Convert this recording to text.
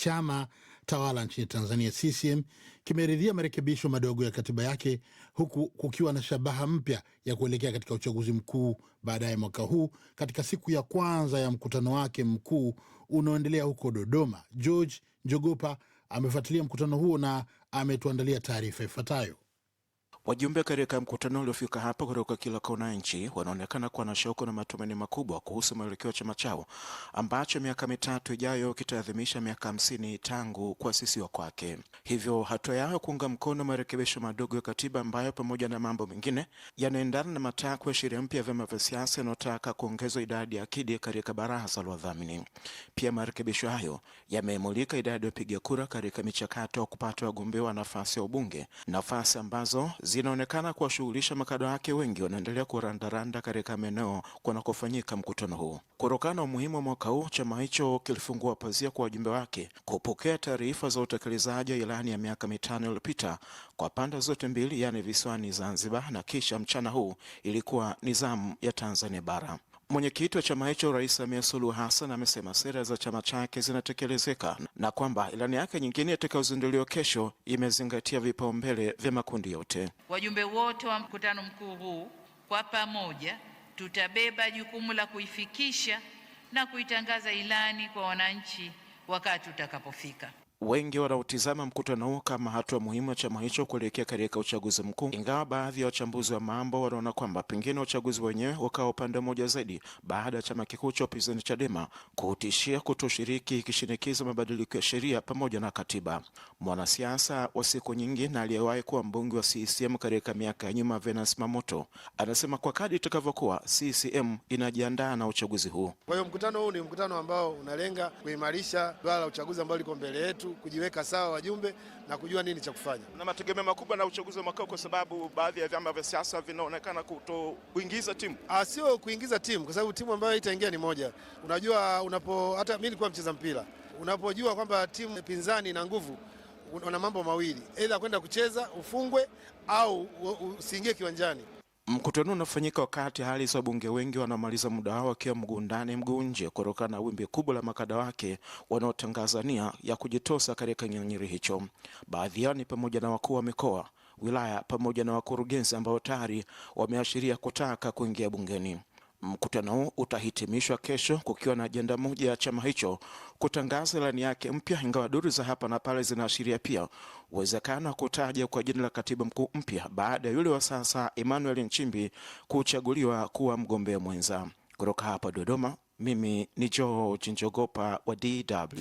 Chama tawala nchini Tanzania CCM kimeridhia marekebisho madogo ya katiba yake huku kukiwa na shabaha mpya ya kuelekea katika uchaguzi mkuu baadaye mwaka huu katika siku ya kwanza ya mkutano wake mkuu unaoendelea huko Dodoma. George Njogopa amefuatilia mkutano huo na ametuandalia taarifa ifuatayo. Wajumbe katika mkutano uliofika hapa kutoka kila kona ya nchi wanaonekana kuwa na shauku na matumaini makubwa kuhusu mwelekeo wa chama chao ambacho miaka mitatu ijayo kitaadhimisha miaka hamsini tangu kuasisiwa kwake. Hivyo hatua yao kuunga mkono marekebisho madogo ya katiba ambayo pamoja na mambo mengine yanaendana na matakwa ya sheria mpya ya vyama vya siasa yanayotaka kuongezwa idadi ya akidi katika baraza la wadhamini. Pia marekebisho hayo yamemulika idadi ya wapiga kura katika michakato wa kupata wagombea wa nafasi ya ubunge, nafasi ambazo zi zinaonekana kuwashughulisha makada wake wengi wanaendelea kurandaranda katika maeneo kunakofanyika mkutano huo. Kutokana na umuhimu wa mwaka huu, chama hicho kilifungua pazia kwa wajumbe wake kupokea taarifa za utekelezaji wa ilani ya miaka mitano iliyopita kwa pande zote mbili, yaani visiwani Zanzibar na kisha mchana huu ilikuwa ni zamu ya Tanzania Bara. Mwenyekiti wa chama hicho Rais Samia Suluhu Hassan amesema sera za chama chake zinatekelezeka na kwamba ilani yake nyingine itakayozinduliwa kesho imezingatia vipaumbele vya makundi yote. Wajumbe wote wa mkutano mkuu huu kwa pamoja tutabeba jukumu la kuifikisha na kuitangaza ilani kwa wananchi wakati utakapofika. Wengi wanaotizama mkutano huu kama hatua muhimu ya chama hicho kuelekea katika uchaguzi mkuu, ingawa baadhi ya wachambuzi wa mambo wanaona kwamba pengine uchaguzi wenyewe ukawa upande mmoja zaidi baada ya chama kikuu cha upinzani Chadema kutishia kutoshiriki, ikishinikiza mabadiliko ya sheria pamoja na katiba. Mwanasiasa wa siku nyingi na aliyewahi kuwa mbunge wa CCM katika miaka ya nyuma, Venance Mamoto, anasema kwa kadri itakavyokuwa CCM inajiandaa na uchaguzi huu. Kwa hiyo mkutano huu ni mkutano ambao unalenga kuimarisha swala la uchaguzi ambao liko mbele yetu kujiweka sawa wajumbe na kujua nini cha kufanya. Na mategemeo makubwa na uchaguzi wa mwakao, kwa sababu baadhi ya vyama vya siasa vinaonekana kuingiza timu, ah, sio kuingiza timu, kwa sababu timu ambayo itaingia ni moja. Unajua, unapo hata mimi nilikuwa mcheza mpira, unapojua kwamba timu pinzani ina nguvu una mambo mawili, aidha kwenda kucheza ufungwe au usiingie kiwanjani. Mkutano unafanyika wakati hali za wabunge wengi wanamaliza muda wao wakiwa mguu ndani mguu nje kutokana na wimbi kubwa la makada wanaotangaza nia ya kujitosa katika kinyang'anyiro hicho. Baadhi yao ni pamoja na wakuu wa mikoa, wilaya pamoja na wakurugenzi ambao tayari wameashiria kutaka kuingia bungeni. Mkutano huu utahitimishwa kesho kukiwa na ajenda moja ya chama hicho kutangaza ilani yake mpya, ingawa duru za hapa na pale zinaashiria pia uwezekano wa kutaja kwa jina la katibu mkuu mpya baada ya yule wa sasa Emmanuel Nchimbi kuchaguliwa kuwa mgombea mwenza. Kutoka hapa Dodoma, mimi ni George Njogopa wa DW.